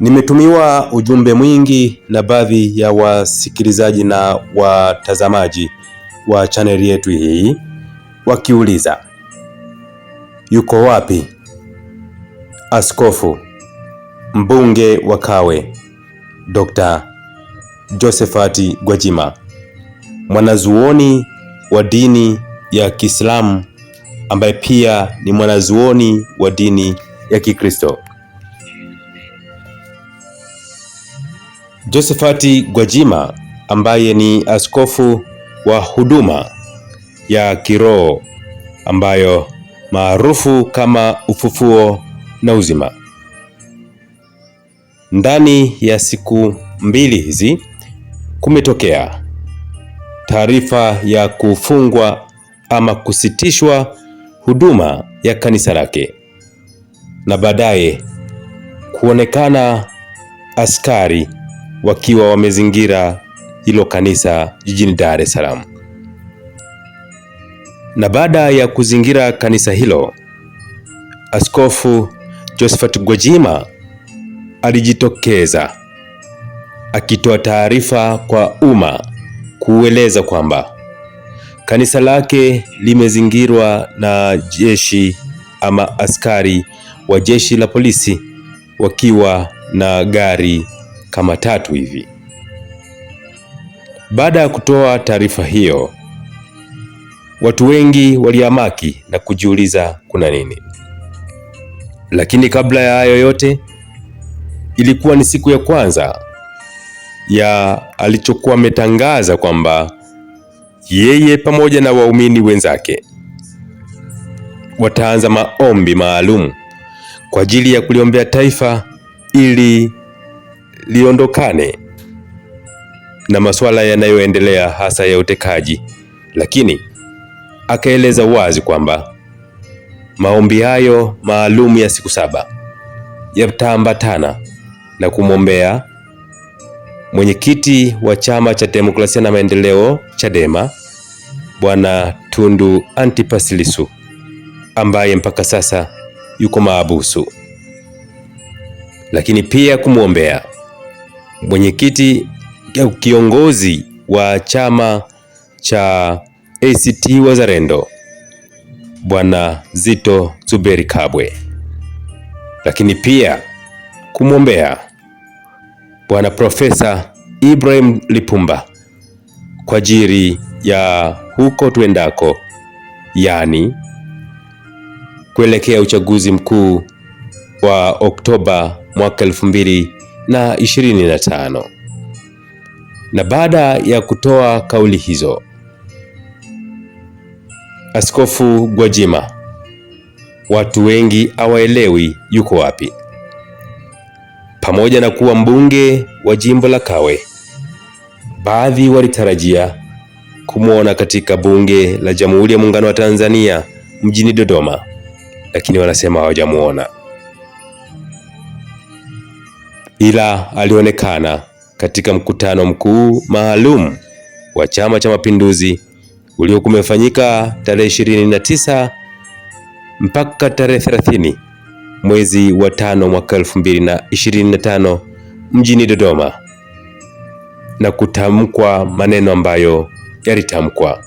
Nimetumiwa ujumbe mwingi na baadhi ya wasikilizaji na watazamaji wa chaneli yetu hii wakiuliza, yuko wapi askofu mbunge wa Kawe Dr. Josephat Gwajima mwanazuoni wa dini ya Kiislamu ambaye pia ni mwanazuoni wa dini ya Kikristo. Josephati Gwajima ambaye ni askofu wa huduma ya kiroho ambayo maarufu kama Ufufuo na Uzima. Ndani ya siku mbili hizi kumetokea taarifa ya kufungwa ama kusitishwa huduma ya kanisa lake na baadaye kuonekana askari wakiwa wamezingira hilo kanisa jijini Dar es Salaam. Na baada ya kuzingira kanisa hilo, Askofu Josephat Gwajima alijitokeza akitoa taarifa kwa umma kueleza kwamba kanisa lake limezingirwa na jeshi ama askari wa jeshi la polisi wakiwa na gari kama tatu hivi. Baada ya kutoa taarifa hiyo, watu wengi waliamaki na kujiuliza kuna nini. Lakini kabla ya hayo yote, ilikuwa ni siku ya kwanza ya alichokuwa ametangaza kwamba yeye pamoja na waumini wenzake wataanza maombi maalum kwa ajili ya kuliombea taifa ili liondokane na masuala yanayoendelea hasa ya utekaji, lakini akaeleza wazi kwamba maombi hayo maalum ya siku saba yataambatana na kumwombea mwenyekiti wa Chama cha Demokrasia na Maendeleo Chadema Bwana Tundu Antipas Lissu ambaye mpaka sasa yuko maabusu, lakini pia kumwombea mwenyekiti au kiongozi wa chama cha ACT Wazalendo Bwana Zito Zuberi Kabwe, lakini pia kumwombea Bwana Profesa Ibrahim Lipumba kwa ajili ya huko tuendako, yaani kuelekea uchaguzi mkuu wa Oktoba mwaka elfu mbili na 25. Na baada ya kutoa kauli hizo, Askofu Gwajima watu wengi hawaelewi yuko wapi. Pamoja na kuwa mbunge wa jimbo la Kawe, baadhi walitarajia kumwona katika bunge la Jamhuri ya Muungano wa Tanzania mjini Dodoma, lakini wanasema hawajamuona ila alionekana katika mkutano mkuu maalum wa Chama cha Mapinduzi uliokuwa umefanyika tarehe 29 mpaka tarehe 30 mwezi wa tano mwaka 2025 mjini Dodoma na kutamkwa maneno ambayo yalitamkwa,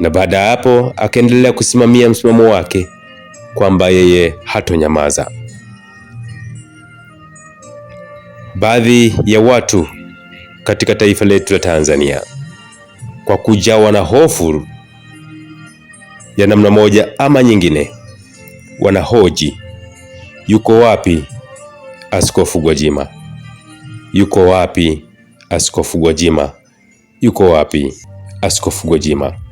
na baada ya hapo akaendelea kusimamia msimamo wake kwamba yeye hatonyamaza. baadhi ya watu katika taifa letu la Tanzania kwa kujawa na hofu ya namna moja ama nyingine, wanahoji yuko wapi Askofu Gwajima? Yuko wapi Askofu Gwajima? Yuko wapi Askofu Gwajima?